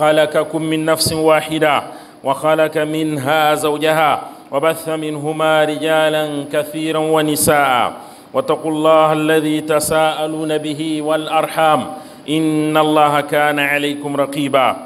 خلقكم من نفس واحدة وخلق منها زوجها وبث منهما رجالا كثيرا ونساء واتقوا الله الذي تساءلون به والأرحام إن الله كان عليكم رقيبا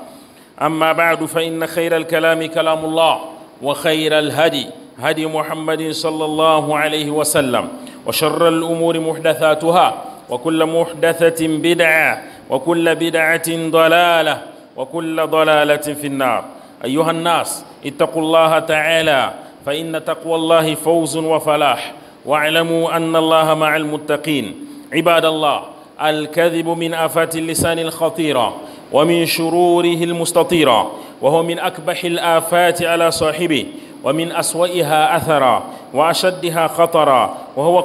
أما بعد فإن خير الكلام كلام الله وخير الهدي هدي محمد صلى الله عليه وسلم وشر الأمور محدثاتها وكل محدثة بدعة وكل بدعة ضلالة وكل ضلالة في النار أيها الناس اتقوا الله تعالى فإن تقوى الله فوز وفلاح واعلموا أن الله مع المتقين عباد الله الكذب من آفات اللسان الخطيرة ومن شروره المستطيرة وهو من أكبح الآفات على صاحبه ومن أسوئها أثرا وأشدها خطرا وهو,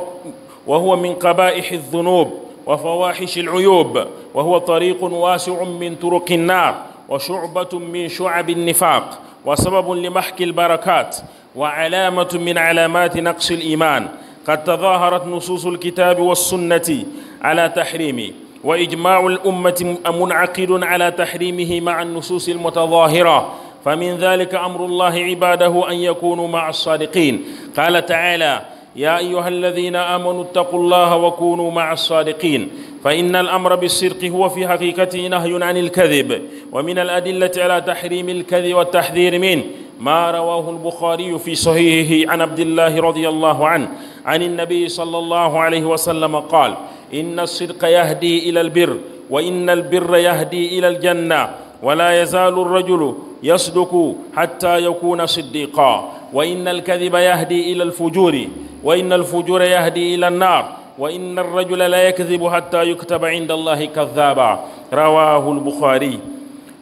وهو من قبائح الذنوب وفواحش العيوب وهو طريق واسع من طرق النار وشعبة من شعب النفاق وسبب لمحك البركات وعلامة من علامات نقص الإيمان قد تظاهرت نصوص الكتاب والسنة على تحريمه وإجماع الأمة منعقد على تحريمه مع النصوص المتظاهرة فمن ذلك أمر الله عباده أن يكونوا مع الصادقين قال تعالى يا أيها الذين آمنوا اتقوا الله وكونوا مع الصادقين فإن الأمر بالصدق هو في حقيقته نهي عن الكذب ومن الأدلة على تحريم الكذب والتحذير منه ما رواه البخاري في صحيحه عن عبد الله رضي الله عنه عن النبي صلى الله عليه وسلم قال إن الصدق يهدي إلى البر وإن البر يهدي إلى الجنة ولا يزال الرجل يصدق حتى يكون صديقا وإن الكذب يهدي إلى الفجور وإن الفجور يهدي إلى النار وإن الرجل لا يكذب حتى يكتب عند الله كذابا رواه البخاري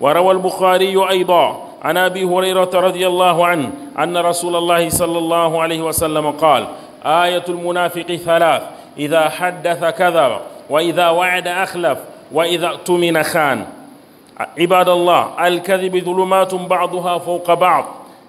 وروى البخاري أيضا عن أبي هريرة رضي الله عنه أن رسول الله صلى الله عليه وسلم قال آية المنافق ثلاث إذا حدث كذب وإذا وعد أخلف وإذا اؤتمن خان عباد الله الكذب ظلمات بعضها فوق بعض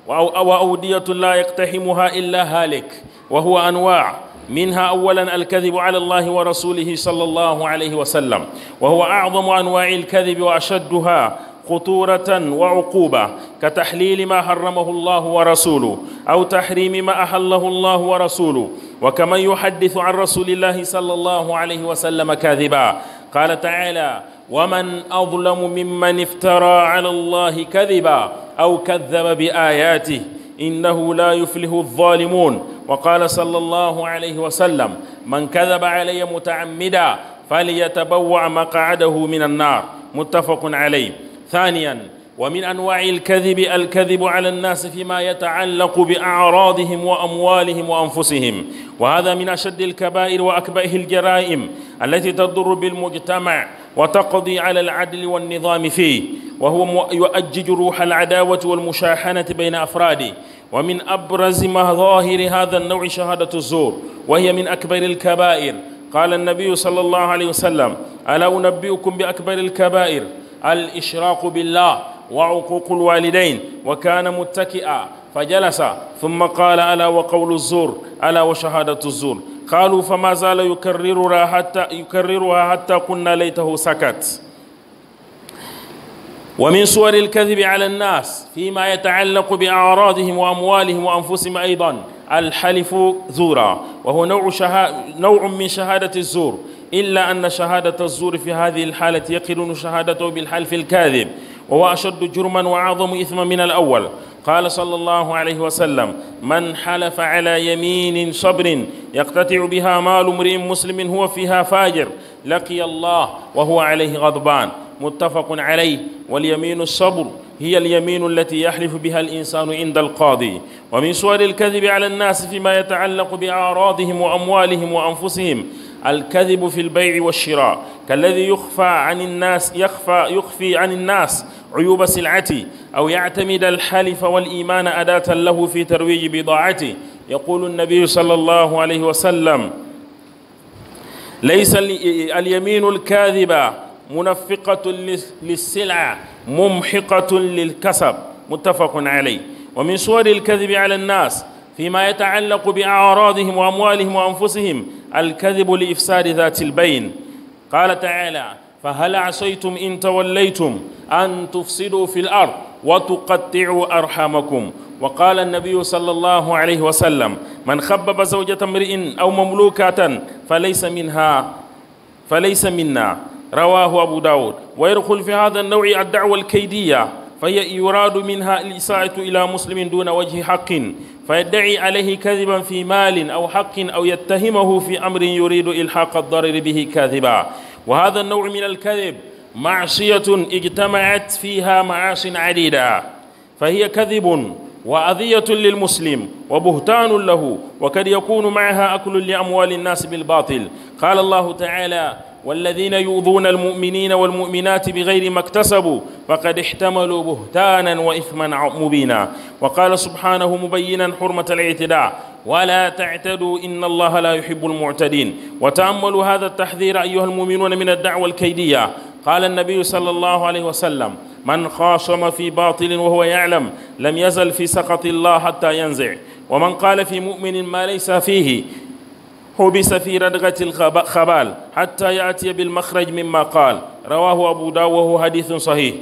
وأودية لا يقتحمها إلا هالك وهو أنواع منها أولا الكذب على الله ورسوله صلى الله عليه وسلم وهو أعظم أنواع الكذب وأشدها خطورة وعقوبة كتحليل ما حرمه الله ورسوله أو تحريم ما أحله الله ورسوله وكمن يحدث عن رسول الله صلى الله عليه وسلم كاذبا قال تعالى ومن أظلم ممن افترى على الله كذبا أو كذب بآياته إنه لا يفلح الظالمون وقال صلى الله عليه وسلم من كذب علي متعمدا فليتبوع مقعده من النار متفق عليه ثانيا ومن انواع الكذب الكذب على الناس فيما يتعلق باعراضهم واموالهم وانفسهم وهذا من اشد الكبائر واكبئه الجرائم التي تضر بالمجتمع وتقضي على العدل والنظام فيه وهو يؤجج روح العداوه والمشاحنه بين افراده ومن أبرز مظاهر هذا النوع شهادة الزور وهي من أكبر الكبائر قال النبي صلى الله عليه وسلم ألا أنبئكم بأكبر الكبائر الإشراق بالله وعقوق الوالدين وكان متكئا فجلس ثم قال ألا وقول الزور ألا وشهادة الزور قالوا فما زال يكررها حتى يكررها حتى قلنا ليته سكت ومن صور الكذب على الناس فيما يتعلق بأعراضهم وأموالهم وأنفسهم أيضا الحلف زورا وهو نوع, شها... نوع من شهادة الزور إلا أن شهادة الزور في هذه الحالة يقرن شهادته بالحلف الكاذب وهو أشد جرما وأعظم إثما من الأول قال صلى الله عليه وسلم من حلف على يمين صبر يقتطع بها مال امرئ مسلم هو فيها فاجر لقي الله وهو عليه غضبان متفق عليه واليمين الصبر هي اليمين التي يحلف بها الإنسان عند القاضي ومن سور الكذب على الناس فيما يتعلق بأعراضهم وأموالهم وأنفسهم الكذب في البيع والشراء كالذي يخفى عن الناس يخفى يخفي عن الناس عيوب سلعته أو يعتمد الحلف والإيمان أداة له في ترويج بضاعته يقول النبي صلى الله عليه وسلم ليس اليمين الكاذبة منفقة للسلعة ممحقة للكسب متفق عليه ومن صور الكذب على الناس فيما يتعلق بأعراضهم وأموالهم وأنفسهم الكذب لإفساد ذات البين قال تعالى فهل عصيتم إن توليتم أن تفسدوا في الأرض وتقطعوا أرحامكم وقال النبي صلى الله عليه وسلم من خبب زوجة امرئ أو مملوكة فليس منها فليس منا رواه أبو داود ويدخل في هذا النوع الدعوة الكيدية فهي يراد منها الإساءة إلى مسلم دون وجه حق فيدعي عليه كذبا في مال أو حق أو يتهمه في أمر يريد إلحاق الضرر به كاذبا وهذا النوع من الكذب معصية اجتمعت فيها معاص عديدة فهي كذب وأذية للمسلم وبهتان له وقد يكون معها أكل لأموال الناس بالباطل قال الله تعالى والذين يؤذون المؤمنين والمؤمنات بغير ما اكتسبوا فقد احتملوا بهتانا واثما مبينا وقال سبحانه مبينا حرمه الاعتداء ولا تعتدوا ان الله لا يحب المعتدين وتاملوا هذا التحذير ايها المؤمنون من الدعوه الكيديه قال النبي صلى الله عليه وسلم من خاصم في باطل وهو يعلم لم يزل في سخط الله حتى ينزع ومن قال في مؤمن ما ليس فيه حبس في ردغة الخبال حتى يأتي بالمخرج مما قال رواه أبو داود وهو حديث صحيح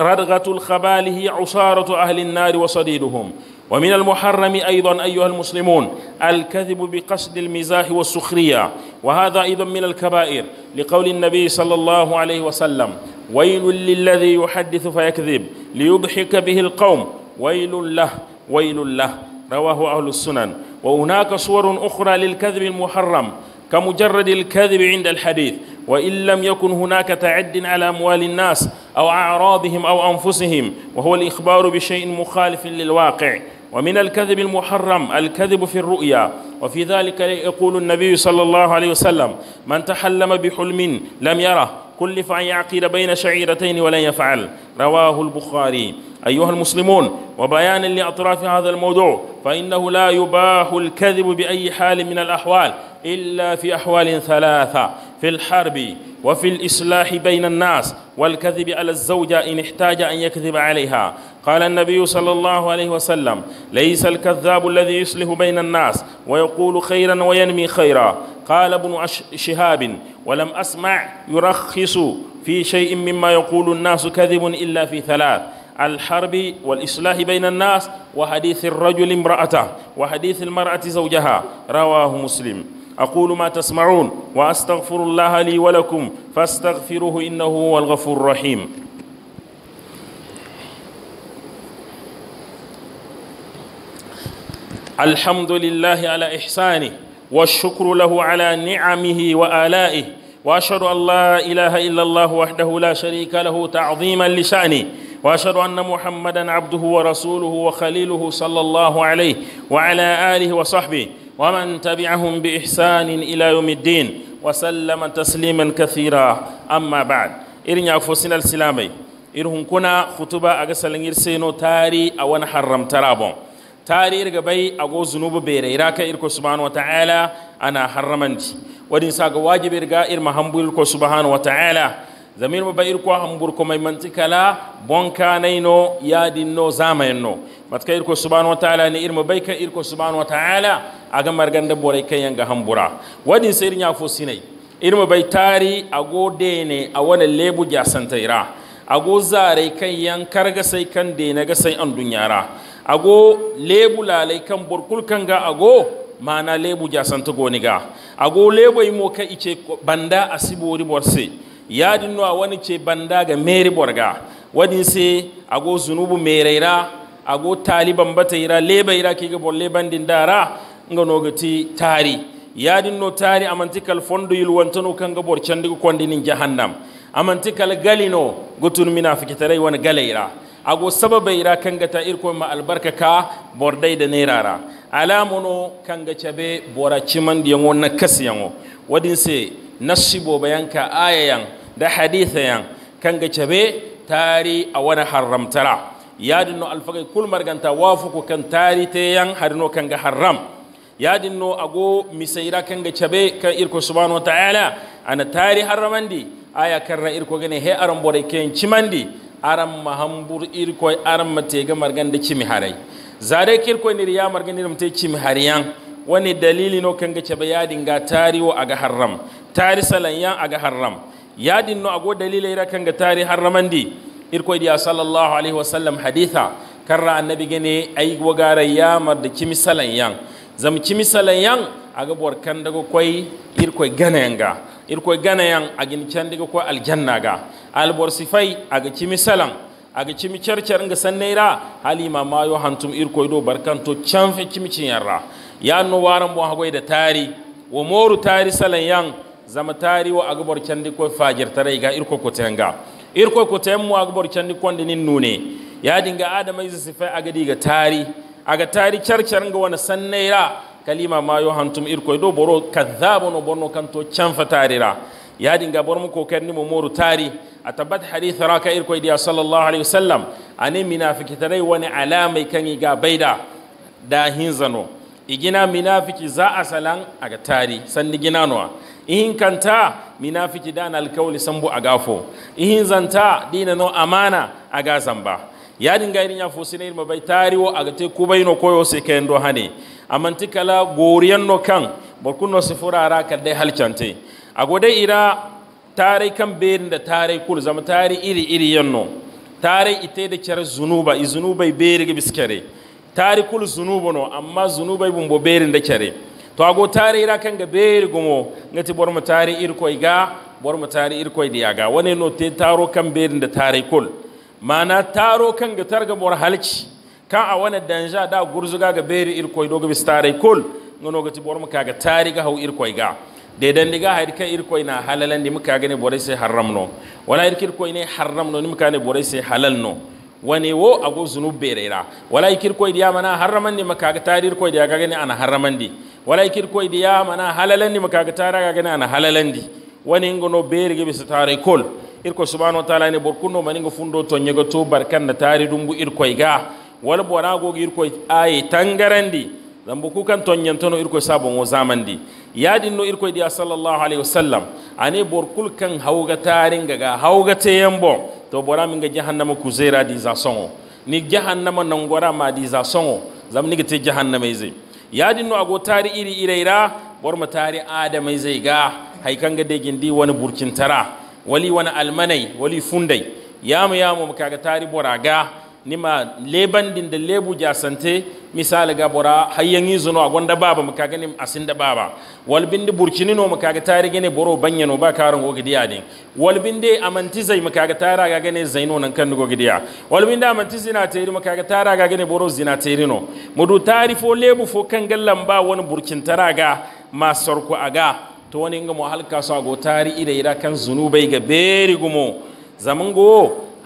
ردغة الخبال هي عصارة أهل النار وصديدهم ومن المحرم أيضا أيها المسلمون الكذب بقصد المزاح والسخرية وهذا أيضا من الكبائر لقول النبي صلى الله عليه وسلم ويل للذي يحدث فيكذب ليضحك به القوم ويل له ويل له رواه أهل السنن وهناك صور أخرى للكذب المحرم كمجرد الكذب عند الحديث وإن لم يكن هناك تعد على أموال الناس أو أعراضهم أو أنفسهم وهو الإخبار بشيء مخالف للواقع ومن الكذب المحرم الكذب في الرؤيا وفي ذلك يقول النبي صلى الله عليه وسلم من تحلم بحلم لم يره كلف أن يعقد بين شعيرتين ولن يفعل رواه البخاري أيها المسلمون وبيانا لأطراف هذا الموضوع فإنه لا يباح الكذب بأي حال من الأحوال إلا في أحوال ثلاثة في الحرب وفي الإصلاح بين الناس والكذب على الزوجة إن احتاج أن يكذب عليها قال النبي صلى الله عليه وسلم ليس الكذاب الذي يصلح بين الناس ويقول خيرا وينمي خيرا قال ابن شهاب ولم أسمع يرخص في شيء مما يقول الناس كذب إلا في ثلاث الحرب والإصلاح بين الناس وحديث الرجل امرأته وحديث المرأة زوجها رواه مسلم أقول ما تسمعون وأستغفر الله لي ولكم فاستغفروه إنه هو الغفور الرحيم الحمد لله على إحسانه والشكر له على نعمه وآلائه وأشهد أن لا إله إلا الله وحده لا شريك له تعظيما لشأنه واشهد ان محمدا عبده ورسوله وخليله صلى الله عليه وعلى اله وصحبه ومن تبعهم بإحسان إلى يوم الدين وسلم تسليما كثيرا أما بعد إرنا يعفوسنا السلامي إرهم كنا خطبة أغسل نرسينو تاري أوان حرم ترابون تاري إرغبي أغو زنوب بير إراك إركو سبحانه وتعالى أنا حرمنتي ودين ساق واجب إرغا إرما همبو إركو سبحانه وتعالى zamir ma bayir kwa hambur ko may manti kala bon kanayno yaadinno zamayenno matka irko subhanahu wa taala ni irma bayka ka irko subhanahu wa taala aga marganda kai yanga hambura wadi sir nya fo sinay irma bay tari ago dene a wala lebu santaira ago zare kan yan karga sai kan dena ga sai an dunyara ago lebu lalai kan burkul kan ga ago mana lebu goni goniga ago lebu imo ka ice banda asibori borse yadin nuwa wani ce banda ga meri borga wani a ago zunubu a ago taliban bata ira leba ira gabon leban din dara nga nogati tari yadin no tari amantikal fondo yulwantano kanga canji candigo kondinin jahannam amantikal galino gotun munafikitarai wani galaira ago sababa ira kanga ta irko ma albarka ka bordai da nerara Alamuno kanga cabe bora ciman diyango na yango wadin se nasibo bayanka ayayan da hadithayan kanga chabe tari awana haramtara yadinno alfagay kul marganta wafuku kan tari no harino kanga haram yadinno ago misayra kanga chabe kan irko subhanahu wa ta'ala ana tari haramandi aya karra irko gane he aran boray ken chimandi aran mahambur irko aran matega marganda chimi harai zare kirko ni riya marganda mte chimi hariyan wani dalili no kanga chabe yadinga tari wa aga haram tari salanyan aga haram yadin no ago dalila ira ga tari harramandi irko diya sallallahu alaihi wasallam haditha karra annabi gane ay wagara yamar da kimisalan yan zam kimisalan yan aga bor kan daga koy irko gananga irko ganayan agin can daga koy aljanna ga bor sifai aga kimisalan aga kimi charchar nga sanneira halima mayo hantum irko do barkan to can kimi kimicin yarra ya no waran bo hagoy da tari wa moru tari salan yan zama tari a aga borcandi ko fajirtara iga irko kotenga irko kotenmo aga borcandi konde nin nune dinga adama isa sifai a gadi ga tari A ga tari ga wani wona sannaira kalima ma mayo hantum irko do boro kadhabo no bonno kanto canfa tarira bar mu ko ni mu moru tari a atabat hadith raka irko diya sallallahu alaihi wasallam ani minafiki tarai wani alamai kan ga bai da hinzano igina minafiki za a salan ga tari sanni ginanowa ihin kanta minafiki dana alkawli sambu gafo ihin zanta dina no amana a ba zamba yadin gairin ya na irma bai tariwo bai no koyo se ne hane amanti kala goriyan no kan borkunno sifura ara dai halcante gode ira tare kan berin da tare kul zama tare iri iri yanno tare ite da kyar zunuba i zunubai beri ga biskare tare kul zunuba no amma zunubai bumbo berin da kyare to ago tari ira kanga beeri ti ngati bormo tari koy ga bormo tari koy diya ga wane no te taro kan beeri da tari kul mana taro ga targa bor halci kan a wane danja da gurzuga ga ir koy do bis tari kul ngono gati mu kaga tari ga ir koy ga de dan diga hayr ir koy na halalan di muka ne borai sai haramno wala kir koy ne haramno ni muka ne borai sai no wani wo ago zunubbe rera wala irkir koy diya mana haraman di maka ga tari irkoy diya ga ne ana haramandi wala kir koy diya mana halalandi makaga taraga gana na halalandi wani ngono berige bisa tare kol ko subhanahu wa ta'ala ne mani ngo fundo to nyego to barkan da tare dumbu irkoy ga wala bora go irkoy ayi tangarandi zambu kukan to ir irkoy sabon wo zamandi yadin no irkoy diya sallallahu alaihi wasallam ane borkul kan hauga taringa ga hauga teyambo to bora ga jahannama kuzera di za songo ni jahannama nangora ma di za songo zamni te jahannama izi yadinno ago tari iri irayra mu tari ga, haikan hay kanga wani burkin tara wali wani almanai wali fundai ya yama mu kaga tari boraga nima din da lebu jasante misali ga bora hayyan yi zuno a gwanda baba mu kaga a asin da baba walbin da burkini no mu kaga tare gane boro banya no ba karin gogidiya ne walbin da amantizai mu kaga tara ga gane zaino nan kan gogidiya walbin da amantizai na tare mu kaga tare ga gane boro zina tare no mu tare fo lebu fo kan gallan ba wani burkin tara ga sarku aga to wani inga mu halka so go tari ida ida kan zunubai ga beri gumo zaman go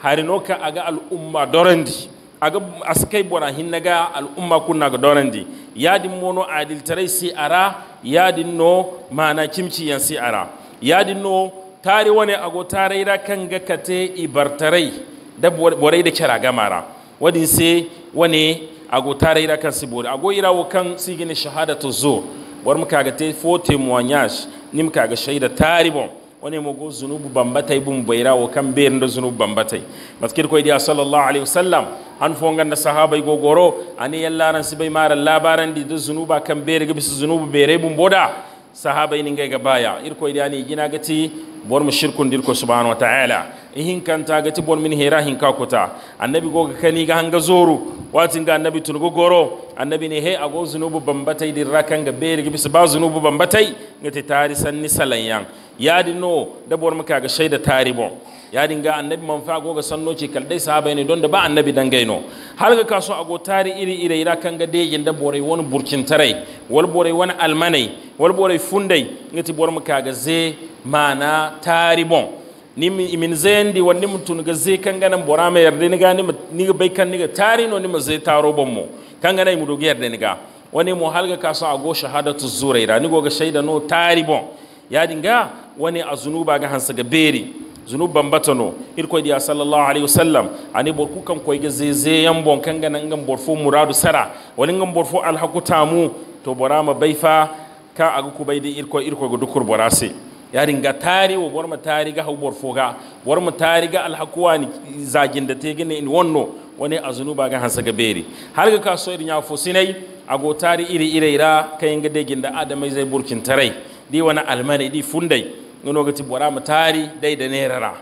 harino ka aga al'umma dorandi aga askai bona ga al'umma kunna ga dorandi yadin mono adil tarai si ara yadin no mana kimci yan si ara yadin no tare wani ago tare ra kan ga kate ibartarai da borai da kira gamara wadin sai wani ago tare ra kan si bori ago irawo kan sigini shahadatu zo war muka ga te fote muanyash nim muka ga shaida taribon wani mogo zunubu bambatai bun baira wa kan be da zunubu bambatai maskir ko idiya sallallahu alaihi wasallam an fo na sahabai go goro ani yallaran bai mara labaran di do zunuba kan be ga bisu zunubu bere eh, bun boda sahabai ni ngai ga baya irko idiya ni gina gati bor mu shirkun dirko subhanahu wa ta'ala ihin ta gati bor min hira hin ka kota annabi go kani ga hanga zoru watin ga annabi tun go goro annabi ne he ago zunubu bambatai dirra kan ga bere ga bisu ba zunubu bambatai ngati tari sanni salanyang yadi no da bor muka ga shaida taribo yadi ga annabi man fa go ga sanno ce dai sahabai ne don da ba annabi dan gaino har ga kaso ago tari iri iri ira kan ga dejin da borai wani burkin tarai wal borai wani almanai wal borai fundai ngati bor muka ga ze mana taribo ni min zendi wani mutun ga ze kan ganan bora mai yarde ni ga ni ni bai kan ni ga tari no ni ma ze taro bon mu kan ga nai mu dogi yarde ni ga wani mu ga kaso ago shahadatu zuraira ni go ga shaida no taribo yadin ga wani a zunuba ga hansa ga beri zunuban batano irko diya sallallahu alaihi wasallam ani bor ku kan ga zeze yan bon kan ga nan borfo muradu sara wani ngan borfo alhakuta tamu to borama baifa ka aga ku bai irko irko ga dukur borase yarin ga tari wa borma tari ga hau borfo ga borma tari ga alhakuwa zagin da te gine in wonno wani a zunuba ga hansa ga beri har ga kaso irin ya a ago tari iri ire ira kayin ga de da adamai zai burkin tarai di wani almani di fundai nono gati bora ma tari dai da nerara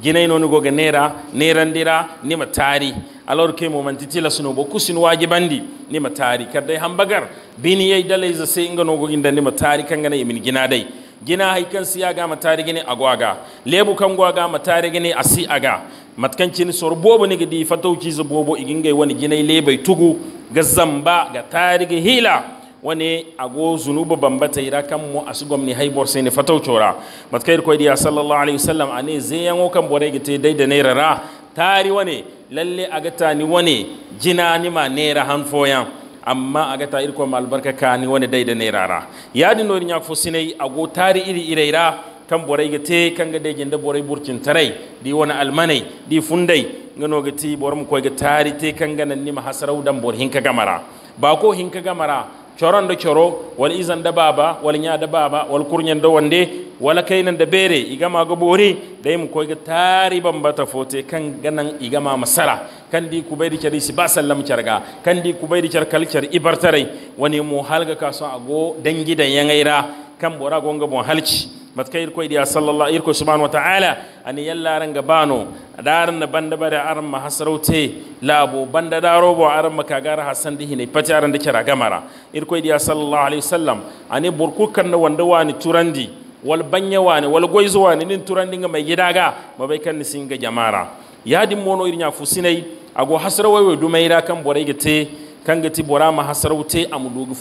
ginai nono goga nera nerandira ni ma tari alor ke mo man titila suno bo kusin wajibandi ni ma tari kar hambagar bini yai dalai za sai inga nogo da ni ma tari kan gana min gina dai gina haikan siya ga matari gini agwaga lebu kan gwaga tari gine asi aga matkan cin sor bobo ni gidi fatauci za bobo igingai wani ginai lebai tugu ga zamba ga tari hila Wani ago zunubu bambata ira kan mu su gomni haibor sai ne fatau cora matkair ko diya sallallahu alaihi wasallam ane zeyan kan bore gite dai da ne rara tari wani lalle aga tani wani jina ni ma ne ra han foyan amma aga ta irko albarka ka ni wani dai da ne rara yadi no nya fo sinai ago tari iri ira kan bore ga kan ga dai da bore burkin tarai di wani almanai di fundai gano ga bore mu ko ga tari te kan ga nan ni ma hasarau dan bore hinka gamara ba ko hinka gamara coron da coro wal izan da baba wal nya da baba wal kurnyan da wande wala kainan da bere igama ga bori dai mu koyga tari bambata fote kan ganan igama masara kan di kubai da cari ba sallam carga kan di kubai da car kalcar ibartare wani mu halga kaso ago dangi da yangaira kan bora gonga bon halci matka irko idiya sallallahu irko subhanahu wa ta'ala ani ranga bano daran na banda bare aran ma hasraute labo banda daro bo aran ma kagara hasan dihi ne pati aran da kira gamara irko idiya sallallahu alaihi wasallam ani burku kan na wanda wani turandi wal banya wani wal goizo wani nin turandi ga mai gidaga mabai kan nisin ga jamara din mono irin ya fusinai ago hasrawai we dumaira kan borai gite kan gati bora ma hasraute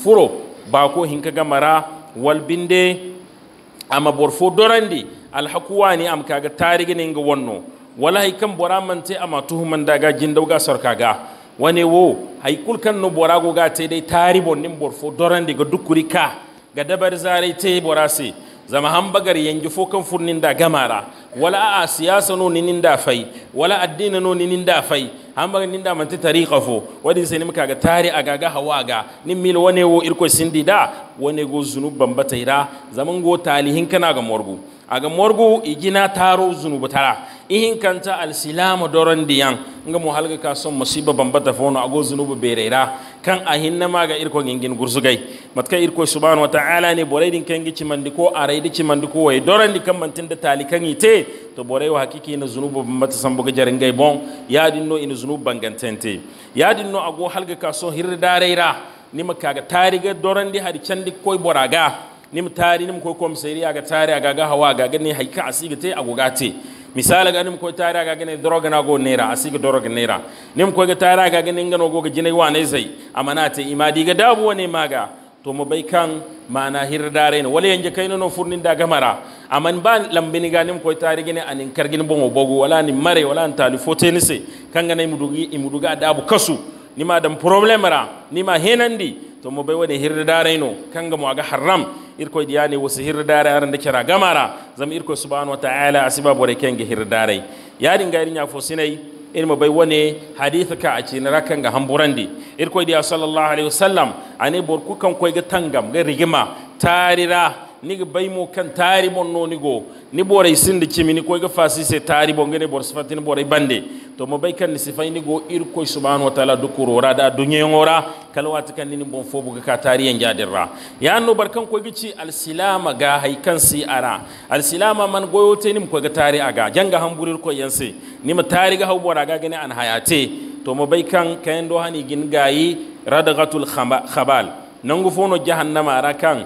furo ba ko hinka gamara wal binde ama borfo dorandi alhakuwani am kaga ne ga wonno wala hay bora man mante amma tuhuman daga sarka ga wane wo hay kul kan no go ga te dai tari bonnin borfo dorandi ga dukuri ka ga dabar zare te borasi zama hambagar yanji fo kan furnin da gamara wala a siyasa no ninin da fai wala addina no ninin da fai an ba nin da ta tariqa fo wadi sai nim kaga tari aga ga hawa ga nin mil wane wo irko sindi da wane go zunuban bata ira zaman go talihin kana ga morgu aga morgu igina taro zunubu tara ihin kanta alsilama doron diyan nga mu halga ka son musiba bambata fo no ago zunubu bereira kan a hinna maga irko gingin gursugai matka irko subhanahu wa ta'ala ne borai din kan gici mandi ko arai dici mandi ko wai doran di kan mantin da talikan ite to borai wa hakiki na zunubu mata san buga jarin gai bon ya dinno ina zunubu bangantente ya dinno ago halga kaso hirda ni maka ga tariga doran di hadi candi koi boraga nim tari nim koi kom sayri ga tari aga ga hawa ga ne haika asiga te agoga Misali ga nim ko tara ga gane droga na go nera asiga droga nera nim ko ga tara ga gane ngano go ga jine wa ne sai amana ta imadi ga dabu ne maga to mu bai kan mana hirdare ne wala yanje kai no furnin da gamara aman ban lambini ga nim ko tari gane anin kargin bon bogo wala ni mare wala an ni tenise kan ga ne mudugi imuduga dabu kasu ni ma dan problemara ni ma henandi to mo bai wani hirda darai no kanga a aga haram irko ne wasu hirda darai aran da kira gamara zam irko subhanahu wa ta'ala asiba bore ga hirda darai yadin gairi ya fo sinai irma bai wani haditha ka a cini rakan ga hamburandi irko diya sallallahu alaihi wasallam ane bor kukan koy ga tangam ga rigima tarira niga baymo kan taari mon no nigo ni bore sindi cimini koy ga fasi se taari bo ngene bor ni bore bande to mo bay kan ni sifay nigo ir koy subhanahu wa ta'ala ra da dunyengora kala wat kan ni bon fobu ga ka taari en jadirra ya no barkan koy gici al silama ga hay kan si ara al silama man goyo te ni koy ga taari aga janga hamburir koy yanse ni ma taari ga hawbora ga gane an hayate to mo bay kan kayan do hani gin gayi radagatul khabal nangu fono jahannama ara kan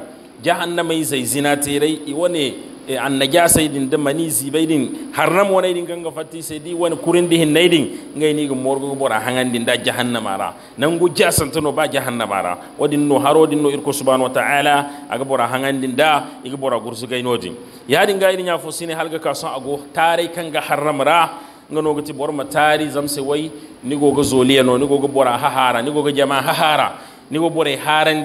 jahannama yi sai zinatirai iwane e, an sai din da mani zibai din haram wani din ganga fati sai di wani kurin dihin na din ngai ni gum morgo bora hangan din da jahannama ra nan gu jasan tano ba jahannama ra wadin no haro din no irko subhanahu wa ta'ala aga bora hangan din da iga bora gursu gai no din ya din gai din ya fosine halga kasan ago tare kan ga haram ra no gati bor ma tari zamse wai ni goga zoliya no ni goga bora hahara ni goga jama hahara ni goga bore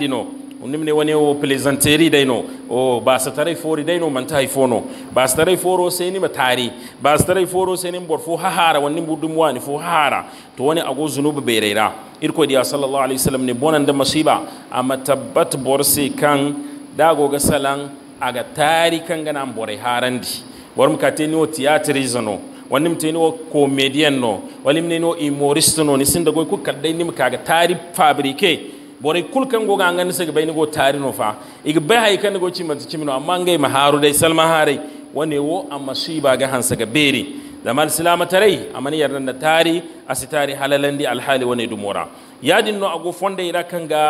no nimne wani o plaisanterie dayno o basataray fori dayno manta hay fono basataray foro tari basa basataray foro seni bor fo hahara wonni ɗum wani fo hahara to woni ago bere ɓeyreyra irko diya sallllahu alaihi wa sallam ne da masiba ama tabbat borse kan ga salan aga taari kanganan boray harandi warmo ka teni o théâtrise no wani mutane o comedian no wani mutane wa humorist no ni sinda goy ku kadai nim ga tari fabrike bore kulkan go ngani sege bayni go tari no fa ig bay hay kan go chimat cimino amma ngay ma haru dai salma harai wane wo amma ba ga hansa ga beri zaman salama tarai amma ni da tari asitari halalandi alhali wane dumora yadin no ago fonde ira kan ga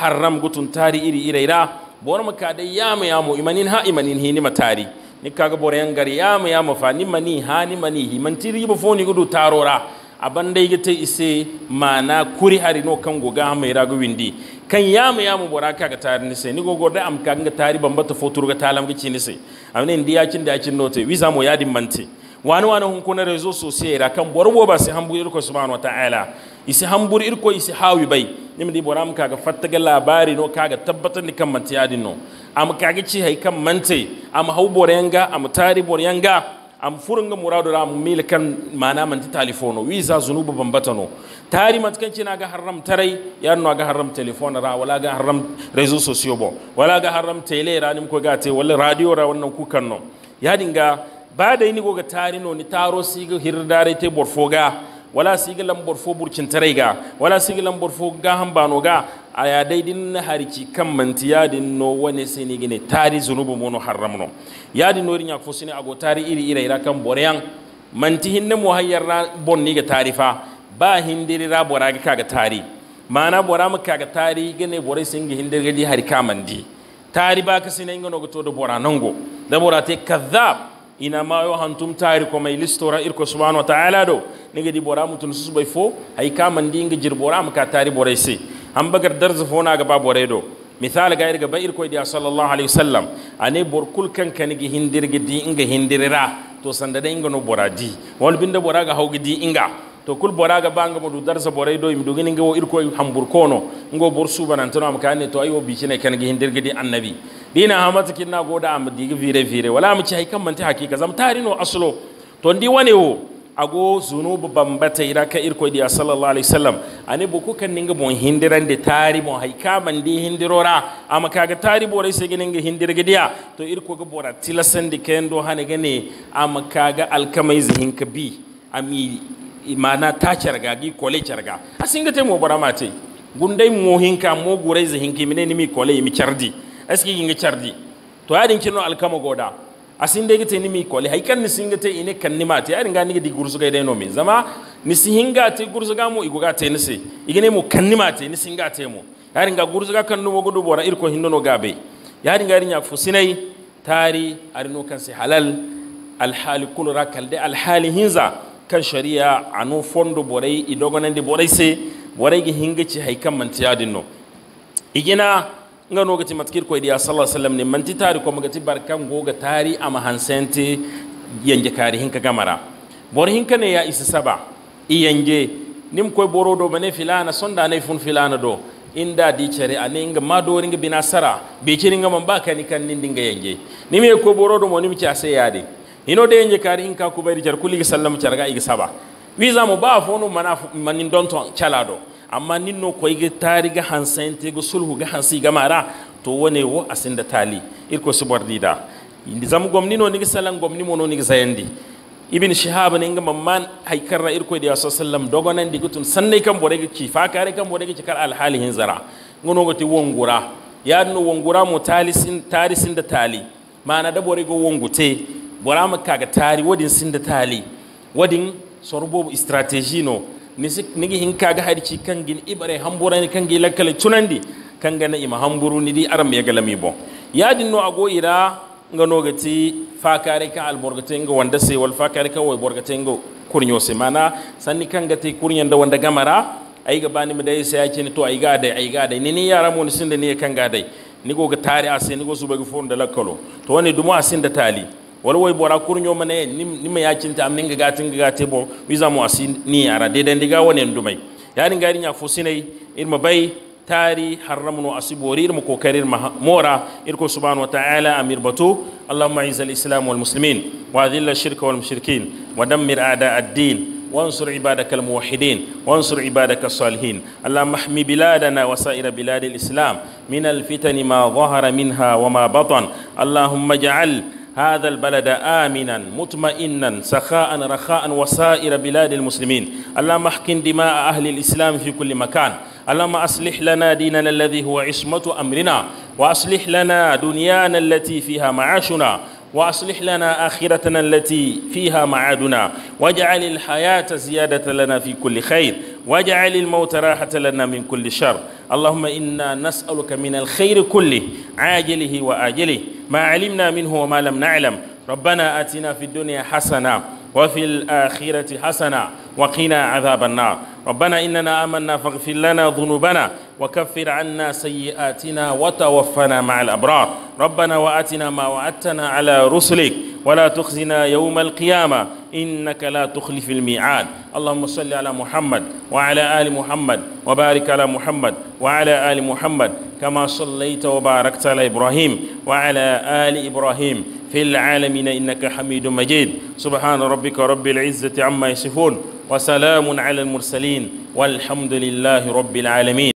haram gutun tari iri ira ira bore maka dai yamu yamu imanin ha imanin hini matari ni kaga bore yan gar yamu yamu fa ni mani ha ni mani hi bo foni gudu tarora da ta ise mana kuri hari no kan goga mai ragu windi kan yamu yamu bora kaga tari ni se ni gogo da am kaga tari bata fotur ga talam ga cini se amne ya cin da cin note wiza mo yadin mante wani wani hun kuna rezo sai ra kan borbo ba sai hamburi irko subhanahu wa ta'ala isi hamburi irko isi hawi bai nimi di bora ga kaga ga labari no ga tabbatar ni kan mante yadi no am kaga ci hay kan mante am hau boranga am tari boranga am ga muradu ra milkan kan mana man ta telefono wiza zunubu bambata no tari mat kan cina ga haram tarai ya no ga haram telefono ra wala ga haram rezo socio bo wala ga haram tele ra nim ko ga te wala radio ra wannan kukan no ya dinga ba da ni go ga tari no ni taro siga hirdare te borfoga wala sigi lambor fo burkin ga wala sigi lambor fo hambano ga. aya dai din na hariki kan manti yadin no wani sai ni gine tari zunubu mono haramno yadin no rinya fo sini ago tari iri ira ira kan boryan manti hinne mo na bonni ga tarifa ba hindiri ra boraga kaga tari mana bora mu kaga tari gane bore singi hindiri di harika mandi tari ba ka sine ngono go to do bora nango da bora te kadhab ina mayo hantum tari ko may listora irko subhanahu wa ta'ala do ne di bora tun susu bay fo hay ka man dinga jir bora ka tari bora se am bagar darz fo na ga ba bora do misal ga irga ba irko dia sallallahu alaihi wasallam ane bor kul kan kan gi hindir gi di inga hindirira to sanda da inga no bora wal binda bora ga hawgi di inga to kul bora ga banga mo darsa bora do im dogini ngo irko hambur kono ngo bor suba nan tano am kane to ayo bi cine kan gi hindir gidi annabi dina hamata kinna goda am digi vire vire wala mu ci hay kan manta hakika zam tarino aslo to ndi wane wo ago zunubu bambata ira ka irko di sallallahu alaihi wasallam ani bu ku kan ninga bon hindiran de tari mo hay ka man di hindirora am kaga tari borai sai ginin ga hindir gidiya to irko ga bora tilasan di kendo hanegane gane am kaga alkamai zihin ka bi ami imana ta carga gi kole carga asingate mo baramate gunday mo hinka mo gure zi hinki mine ni mi kole mi cardi eski ginga cardi to yadin kino alkama goda asinde gite ni mi kole hay kan ni singate ine kan ni mate yadin ga ni di gursu ga no mi zama ni singa te gursu ga mo igoga te ni se igine mo kan ni mate ni singa te mo yadin ga gursu ga kan no mo godo bora irko hinno no gabe yadin ga yadin ya fusinai tari arino kan se halal alhali kulura kalde alhali hinza kan sharia anu fondo borai di borai se borai gi hinga ci hay kam man no igina nga no gati matkir ko idiya sallallahu alaihi wasallam ne manti tari ko magati barkan goga tari ama hansente yanje kari hinka gamara bor hinka ne ya isa saba iyanje nim koy boro do bane filana sonda ne fun filana do inda di cere ane nga ringa binasara be ciringa man ba kani kan nindinga yanje nime ko boro do mo nim ci ase yadi hino de nje kari ku kubari jar kuligi sallam carga igi saba wiza mu ba fonu mana manin don ton chalado amma ninno ko igi tari ga hansente go sulhu ga hansi ga mara to wone wo asinda tali irko dida. indi zam gomni no nigi Sallam gomni mo no ga sayandi ibn shihab ne ga mamman haikarra irko da yaso sallam dogonan digutun sannai kan bore ci fa kare kan bore ci kar alhali hin zara ngono goti wongura ya no wongura mo tari sin da tali mana da bore go wongute bora kaga tari wadin sinda tali wadin sorbo strategy no nisi nigi kaga hari ci gin ibare kan kangi lakale tunandi gana ima hamburu ni di aram ya galami ya yadin no ago ira ngano gati fakare ka alborgatengo wanda se wal fakare ka way borgatengo kurnyo se mana sanni kurnyo da wanda gamara ai ga bani midai sai yake ni to ai ga dai ai ga dai ni ni yara ni sinda ni kan ga dai ni go ga tare ase ni go su ga fon da lakkalo to wani dumo asin da tali wala woy bora kurnyo mane ni ma yacinta am ninga gatin gate bon wiza asi ni ara de den diga wonen dumai yani ngari nya fusinai irma bai tari harramno asibori irma kokarir mora irko subhanahu wa ta'ala amir batu allahumma izza al-islam wal muslimin wa adhilla ash-shirka wal mushrikin wa dammir a'da ad-din وانصر عبادك الموحدين وانصر عبادك الصالحين اللهم احمي بلادنا وسائر بلاد الإسلام من الفتن ما ظهر منها وما بطن اللهم اجعل هذا البلد آمنا مطمئنا سخاء رخاء وسائر بلاد المسلمين اللهم احقن دماء أهل الإسلام في كل مكان اللهم أصلح لنا ديننا الذي هو عصمة أمرنا وأصلح لنا دنيانا التي فيها معاشنا وأصلح لنا آخرتنا التي فيها معادنا واجعل الحياة زيادة لنا في كل خير واجعل الموت راحة لنا من كل شر اللهم إنا نسألك من الخير كله عاجله وآجله ما علمنا منه وما لم نعلم ربنا آتنا في الدنيا حسنة وفي الآخرة حسنة وقنا عذاب النار ربنا إننا آمنا فاغفر لنا ذنوبنا وكفر عنا سيئاتنا وتوفنا مع الأبرار ربنا وآتنا ما وعدتنا على رسلك ولا تخزنا يوم القيامة إنك لا تخلف الميعاد اللهم صل على محمد وعلى آل محمد وبارك على محمد وعلى آل محمد كما صليت وباركت على إبراهيم وعلى آل إبراهيم في العالمين إنك حميد مجيد سبحان ربك رب العزة عما يصفون وسلام على المرسلين والحمد لله رب العالمين